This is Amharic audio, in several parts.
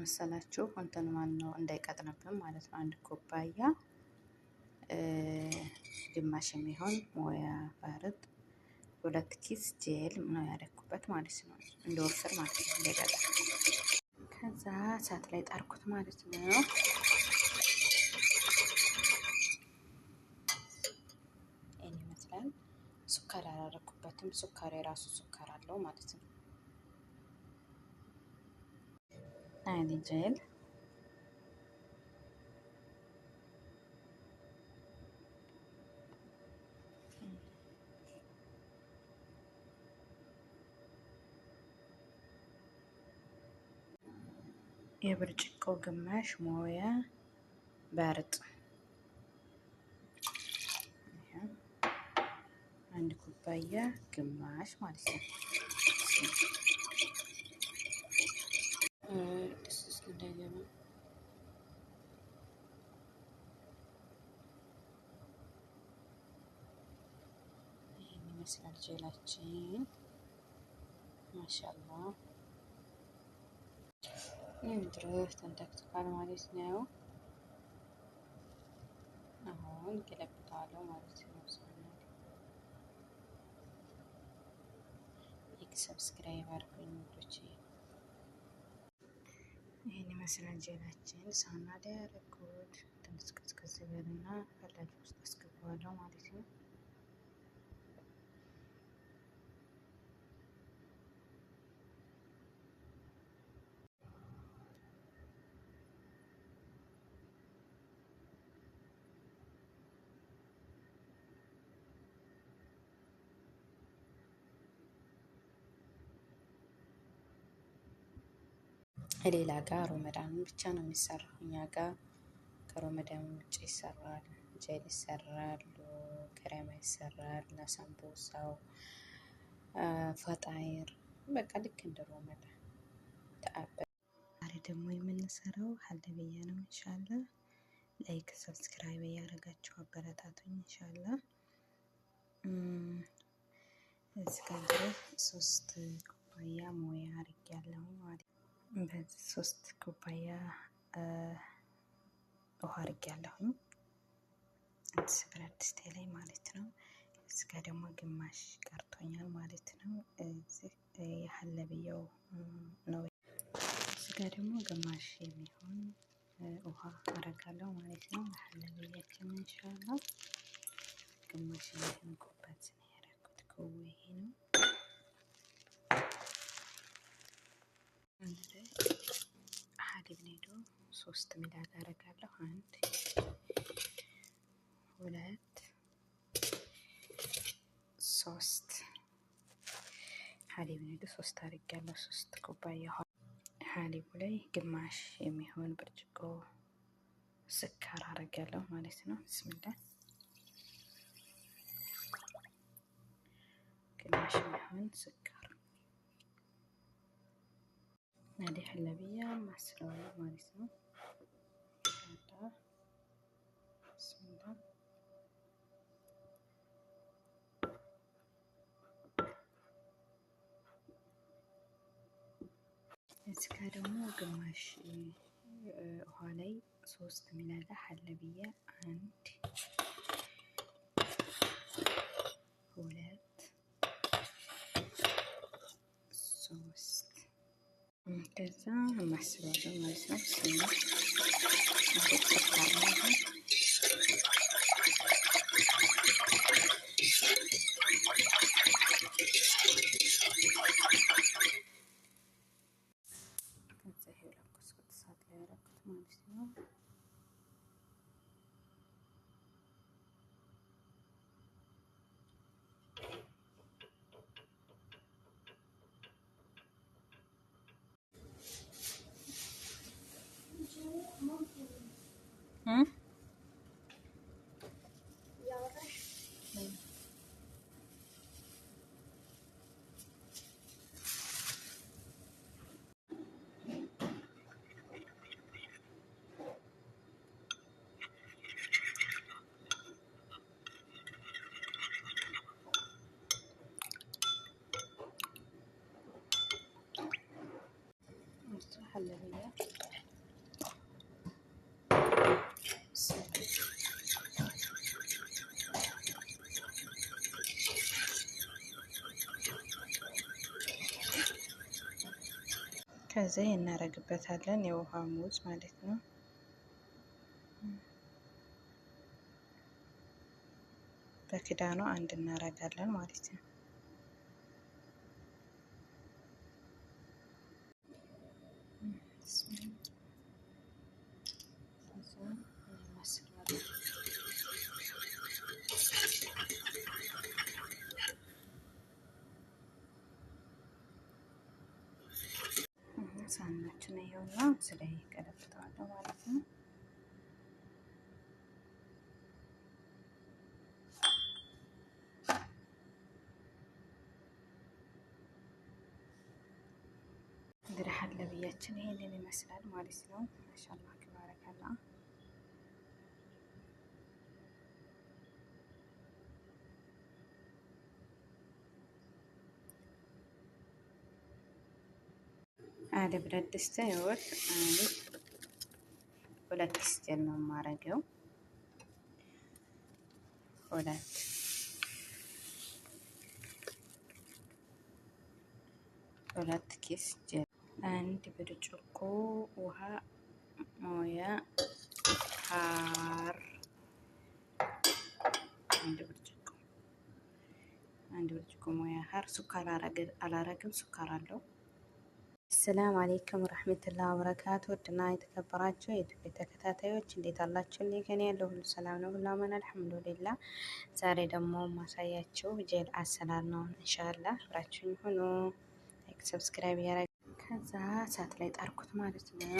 መሰላችሁ እንትን ማን ነው እንዳይቀጥንብን ማለት ነው። አንድ ኩባያ ግማሽ የሚሆን ሞያ ባርጥ ሁለት ኪስ ጄል ነው ያደረኩበት ማለት ነው። እንደወፍር ማለት ነው እንዳይቀጥን። ከዛ እሳት ላይ ጣርኩት ማለት ነው። ይህን ይመስላል። ሱካር አላደረኩበትም። ሱካር የራሱ ሱካር አለው ማለት ነው። aynı eh, cel. የብርጭቆ ግማሽ ሞያ በርጥ አንድ ኩባያ ግማሽ ማለት ነው። ይመስላል ጀላችን። ማሻላ ይህም ድረስ ተንተክትካል ማለት ነው። አሁን ገለብጠዋለሁ ማለት ነው። ላይክ ሰብስክራይብ አድርጉኝ ውዶቼ። ይህን ይመስላል ጀላችን። ሳና ያረኩት ትንሽ ቅዝቅዝ ብልና ፈላጊ ውስጥ አስገባዋለሁ ማለት ነው። ሌላ ጋር ሮመዳን ብቻ ነው የሚሰራው። እኛ ጋር ከሮመዳን ውጭ ይሰራል፣ ጀል ይሰራል፣ ክሬማ ይሰራል፣ ለሰንቦሳው ፈጣይር በቃ ልክ እንደ ሮመዳን ተአበ ዛሬ ደግሞ የምንሰራው ሀለብያ ነው። እንሻላ ላይክ ሰብስክራይብ እያደረጋችሁ አበረታቱኝ። እንሻላ እስከ ድረስ ሶስት ኩባያ ሞያ አርግ አድርጌያለሁ ማለት ነው። በዚህ ሶስት ኩባያ ውሃ አድርጊያለሁኝ አዲስ ብረት ድስቴ ላይ ማለት ነው። እዚህ ጋ ደግሞ ግማሽ ቀርቶኛል ማለት ነው። የሀለብያው ነው። እዚህ ጋ ደግሞ ግማሽ የሚሆን ውሃ አረጋለሁ ማለት ነው። ለሀለብያችን እንሻላ ግማሽ የሚሆን ኩባት ነው ያደረኩት። ከው ይሄ ነው ላግብኔዶ ሶስት ምላጭ አደርጋለሁ። አንድ ሁለት ሶስት ሀሊብኔዶ ሶስት አርግ አድርጊያለሁ። ሶስት ኩባያ ሀሊቡ ላይ ግማሽ የሚሆን ብርጭቆ ስካር ስኳር አደርጊያለሁ ማለት ነው። ብስሚላ ግማሽ የሚሆን ስካር ናዲ ሐለብያ ማስለዋል ማለት ነው። እዚህ ጋር ደግሞ ግማሽ ውሃ ላይ ሶስት ሚላዳ ሐለብያ አንድ Neyse bakalım. Neyse. Bismillah. Şey ከዛ እናረግበታለን የውሃ ሙዝ ማለት ነው። በክዳኑ አንድ እናረጋለን ማለት ነው። ቪዲዮችን ይሄንን ይመስላል ማለት ነው። ማሻላ ተባረከላ። አደ ብረት ድስት አይ ሁለት ስቴል ነው ማረገው ሁለት ሁለት ኪስ ኬስ አንድ ብርጭቆ ውሃ ሞያ ሀር አንድ ብርጭቆ አንድ ብርጭቆ ሞያ ሀር ሱካር አላረግም፣ ሱካር አለው። አሰላም አሌይኩም ረህመቱላህ ወበረካቱ። ውድና የተከበራችሁ የኢትዮጵያ ተከታታዮች እንዴት አላችሁ? እኔ ከኔ ያለው ሁሉ ሰላም ነው፣ ሁሉ አማን አልሐምዱሊላ። ዛሬ ደግሞ ማሳያችሁ ጀል አሰራር ነው። እንሻላ አብራችሁኝ ሁኑ። ሰብስክራይብ ያረ ከዛ እሳት ላይ ጣርኩት ማለት ነው።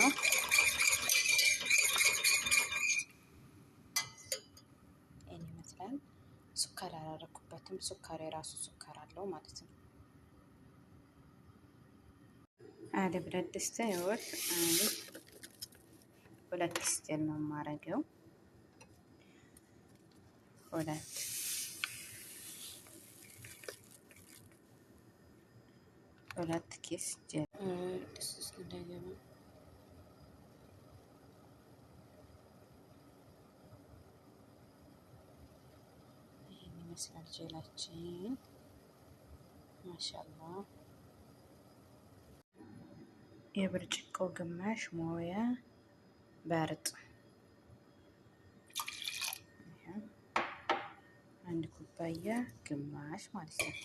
ይህን ይመስላል። ሱካር ያላረኩበትም ሱካር የራሱ ሱካር አለው ማለት ነው። አደ ብረት ድስት ይወት ሁለት ስቴል ነው የማረገው ሁለት ሁለት ኬስ ጀል ይህን ይመስላል ጀላችን። ማሻላ የብርጭቆ ግማሽ ሞያ በርጥ አንድ ኩባያ ግማሽ ማለት ነው።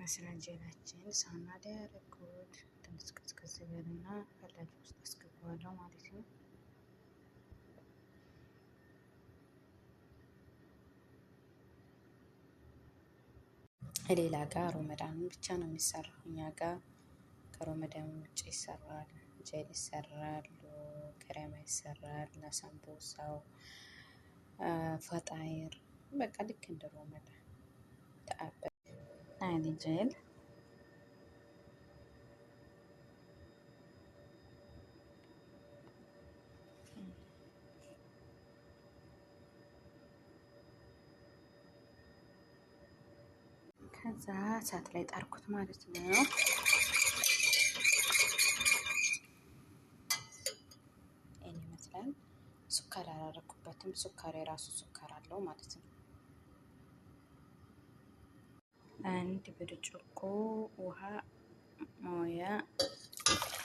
ይመስል እንጀራችን ሳናደርቁት ትንሽ ቀዝቀዝ በልና ፈላጊ ውስጥ አስገባዋለሁ ማለት ነው። ሌላ ጋር ሮመዳን ብቻ ነው የሚሰራው። እኛ ጋር ከሮመዳን ውጭ ይሰራል። ጀል ይሰራል፣ ክሬማ ይሰራል፣ ለሳምቦሳው ፈጣይር በቃ ልክ እንደ ሮመዳን ተአበ Aynı eh, cel. ከዛ እሳት ላይ ጣርኩት ማለት ነው። ይህን ይመስላል። ሱካር አላረኩበትም። ሱካር የራሱ ሱካር አለው ማለት ነው። አንድ ብርጭቆ ውሃ ሞያ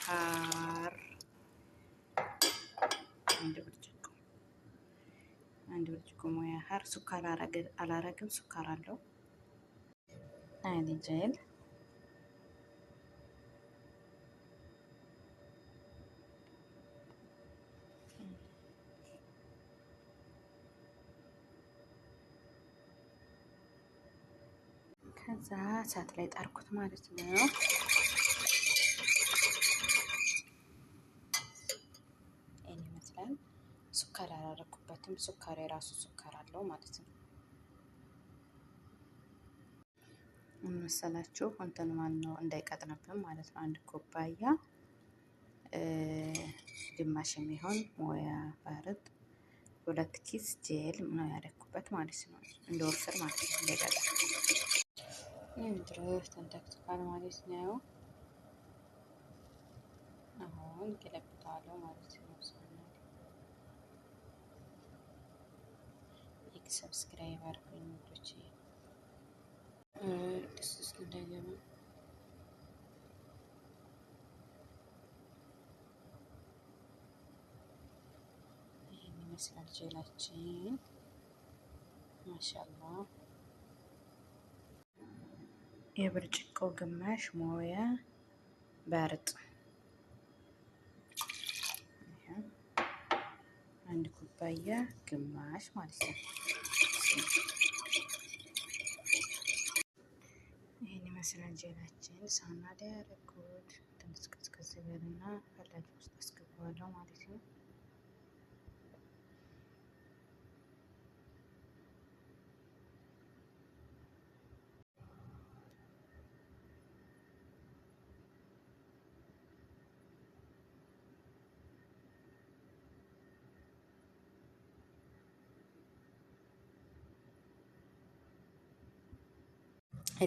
ሃር አንድ ብርጭቆ አንድ ብርጭቆ ሞያ ሃር። ሱካር አላረግም፣ ሱካር አለው አይል ጄል ከዛ እሳት ላይ ጣርኩት ማለት ነው። ይህን ይመስላል። ሱካር አላረኩበትም። ሱካር የራሱ ሱካር አለው ማለት ነው። መሰላችሁ እንትን ነው እንዳይቀጥንብን ማለት ነው። አንድ ኩባያ ግማሽ የሚሆን ሞያ ፈርጥ ሁለት ኪስ ጄል ነው ያደረኩበት ማለት ነው። እንደወፍር ማለት ነው። እንዳይቀጥን የምድርህ ተንተክቷል ማለት ነው። አሁን ገለብጠዋለሁ ማለት ነው። ላይክ ሰብስክራይብ አድርጉኝ ውዶቼ። ደስ ውስጥ እንዳይገባ ይህን ይመስላል ጀላችን ማሻአላህ የብርጭቆ ግማሽ ሞያ በርጥ አንድ ኩባያ ግማሽ ማለት ነው። ይህን ይመስላል እንጀራችን ሳና ላይ ያደረኩት ትንሽ ቀዝቀዝ በልና ፈላጊ ውስጥ አስገባዋለሁ ማለት ነው።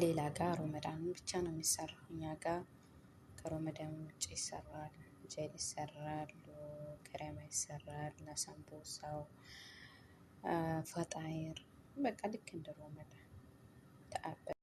ሌላ ጋር ሮመዳን ብቻ ነው የሚሰራው። እኛ ጋር ከሮመዳን ውጭ ይሰራል፣ ጀል ይሰራል፣ ክሬማ ይሰራል፣ ለሰንቦሳው ፈጣይር በቃ ልክ እንደ ሮመዳን